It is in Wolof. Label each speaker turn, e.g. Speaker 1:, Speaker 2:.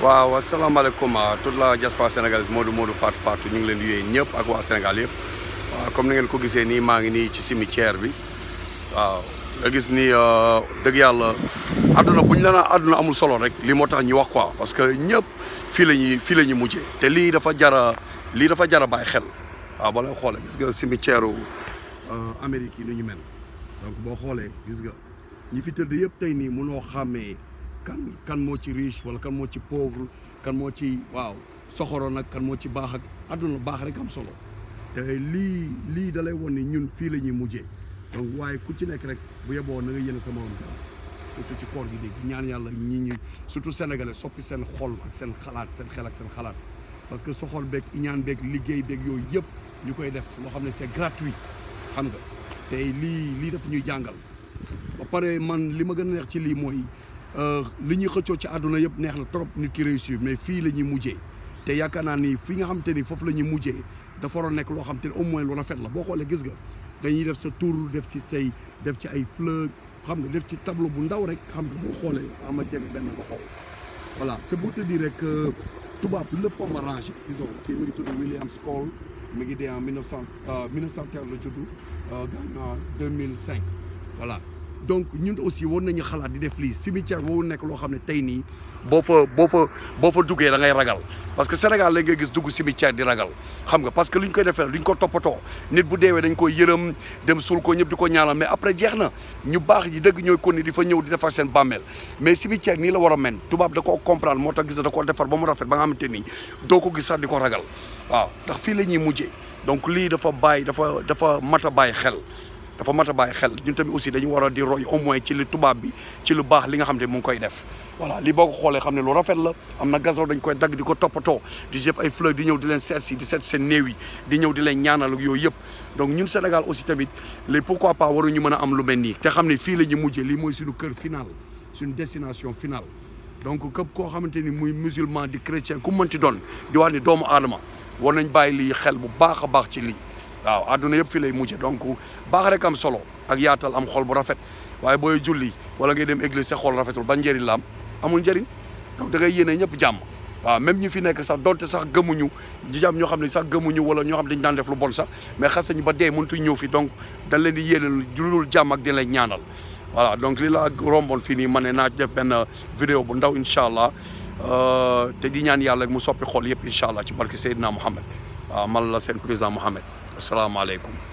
Speaker 1: waaw asalaamaaleykum ah, toute la diaspora sénégalaise Modou Modou Fatou Fatou ñu ngi leen di yooyu ñëpp ak waa Sénégal yëpp waaw comme ni ngeen ko gisee nii maa ngi nii ci cimetière bi waaw nga gis ni euh, dëgg yàlla àdduna bu ñu la naan àdduna amul solo rek li moo tax ñu wax quoi parce que ñëpp fii la ñuy fii la ñuy mujjee te lii dafa jara lii dafa jara bàyyi xel waaw bala xoolee gis nga cimetière u euh, Amérique yi nu ñu mel donc boo xoolee gis nga ñi fi tëdd yëpp tey nii mu noo xàmmee kan moo ci riche wala kan moo ci pauvre kan moo ci waaw soxoro nag kan moo ci baax ak àdduna baax rek am solo te lii lii dalay lay won ne ñun fii la ñuy mujjee donc waaye ku ci nekk rek bu yeboo na nga yéene sa morom kanam surtout ci koor gi dégg ñaan yàlla ñi ñi surtout senegale soppi seen xol ak seen xalaat seen xel ak seen xalaat parce que soxol beeg ñaan beeg liggéey beeg yooyu yëpp ñu koy def loo xam ne c'est gratuit xam nga tey lii lii def ñuy jàngal ba pare man li ma gën a ci lii mooy Euh, li ñuy xëccoo ci àdduna yëpp neex na trop nit ki réussir mais fii la ñuy mujjee te yaakaar naa ni fii nga xam te ni foofu la ñuy mujjee dafa waroon nekk loo xam te ni au moins lu rafet la boo xoolee gis nga dañuy def sa tour def ci sey def ci ay fleurs xam nga def ci tableau bu ndaw rek xam nga boo xoolee ama jeg benn nga xool voilà c'est pour te dire rek tubaab lépp am arrangé disons kii mi ngi tudd William Scall mi ngi dee en mille neuf cent euh, la judd euh, gaañu mille cinq voilà donc ñun aussi war nañu xalaat di def lii cimetière boobu nekk loo xam ne tey nii boo fa boo fa boo fa duggee da ngay ragal parce que Sénégal la ngay gis dugg cimetière di ragal xam nga parce que li ñu koy defee lu ñu ko toppatoo nit bu deewee dañ koy yërëm dem suul ñëpp di ko ñaanal mais après jeex na ñu baax ji dëgg ñooy konni di fa ñëw di defar seen bàmmeel mais cimetière nii la war a men tubaab da koo comprendre moo tax gis da koo defar ba mu rafet ba nga xamante doo ko gis ko ragal waaw ndax fii la ñuy mujjee donc lii dafa bàyyi dafa dafa mat a bàyyi xel dafa mata a xel ñun tamit aussi dañu wara di roy au moins ci li tuba bi ci lu bax li nga xamne mu ngi koy def voilà li boko xolé xamne lu rafet la amna gazo dañ koy dag di topato di jëf ay fleur di ñew di len sersi di set sen newi di ñew di len ñaanal ak yoy yep donc ñun Sénégal aussi tamit les pourquoi pas waru ñu a am lu melni te xamne fi lañu mujjé li moy suñu cœur final suñu destination final donc kep ko xamanteni muy musulman di chrétien ku ci doon di wani doomu adama war nañ bàyyi li xel bu baaxa baax ci li waaw àdduna yëpp fi lay mujje donc baax rek am solo ak yaatal am xol bu rafet waaye booy julli wala ngay dem église sa xol rafetul ban njëriñ la am amul njëriñ danga da ngay yéene ñëpp jàmm waaw même ñi fi nekk sax donte sax gëmuñu di jàmm ñoo xam ne sax gëmuñu wala ñoo xam ne dañu daan def lu bon sax mais xas nañu ba dee mëntuñ ñëw fi donc dañ leen di yéene julul jàmm ak di leen ñaanal voilà donc li la romboon fii nii ma naa def benn video bu ndaw incha allah euh, te di ñaan yàlla mu soppi xol yëpp incha allah ci barke Seydina Mohamed waaw man la seen président السلام عليكم